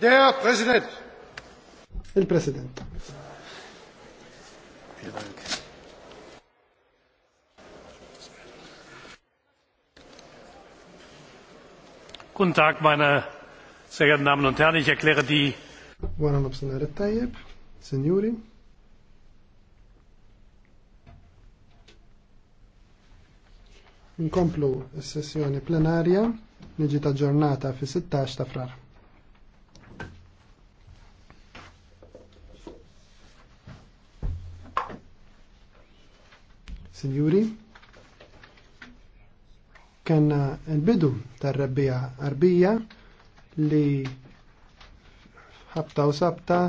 Der Präsident. Il President. Guten Tag, meine sehr geehrten Damen und Herren. Ich erkläre die. Signori. Nkomplu s-sessjoni plenarja li ġiet ġurnata fi 16 ta' frar. Signuri, kanna l-bidu tar-rebbija arbija li ħabta u sabta